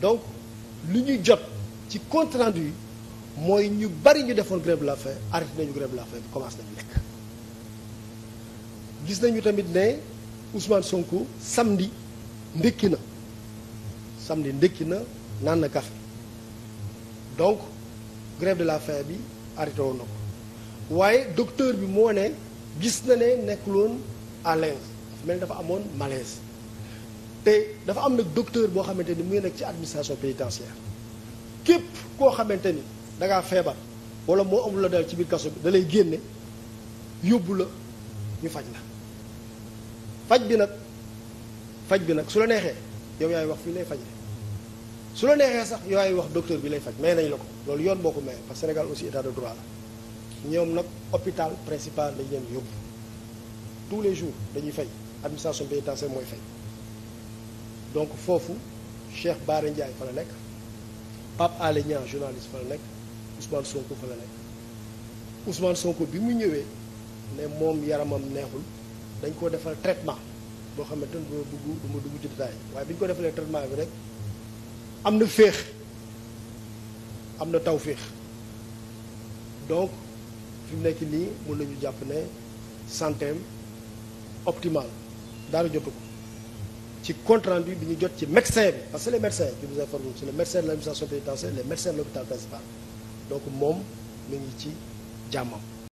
donc lu ñu jot ci compte rendu yi mooy ñu bari ñu defoon grève de la faim arrêté nañu grève de la faim bi commencé nañu lekk gis nañu tamit ne Ousmane Sonko samedi ndékki na samedi ndékki na naan na café donc grève de la faim bi arrêté woon na ko waaye docteur bi moo ne gis na ne nekkuloon à l'aise mel dafa amoon malaise te dafa am nag docteur boo xamante ni mu nag ci administration pénitentiaire képp koo xamante ni da ngaa feebar wala moo amul la dal ci biir kaso bi dalay lay génne yóbbu la ñu faj la faj bi nag faj bi nag su la neexee yow yaay wax fii lay faj su la neexee sax yow yaay wax docteur bi lay faj may nañ la ko loolu yoon boo ko maye parce Sénégal aussi état de droit la ñoom nag hôpital principal lañ leen yóbbu tous les jours dañuy fay administration pénitentiaire mooy fay donc foofu Cheikh Bara Ndiaye fa la nekk Pape Alé Niang fa la nekk Ousmane Sonko fa la nekk Ousmane Sonko bi mu ñëwee ne moom yaramam neexul dañ ko defal traitement boo xamante ne duma dugg duma dugg ci détail waaye bi ñu ko defalee traitement bi rek am na féex am na taw féex donc fi mu nekk nii mën nañu jàpp ne santé optimale daara jotu ko ci compte rendu bi ñu jot ci médecin bi parce que les médecins qui vous informent c'est le médecin de l'administration pénitentiaire les médecins de l'hôpital principal donc moom mi ngi ci jàmmam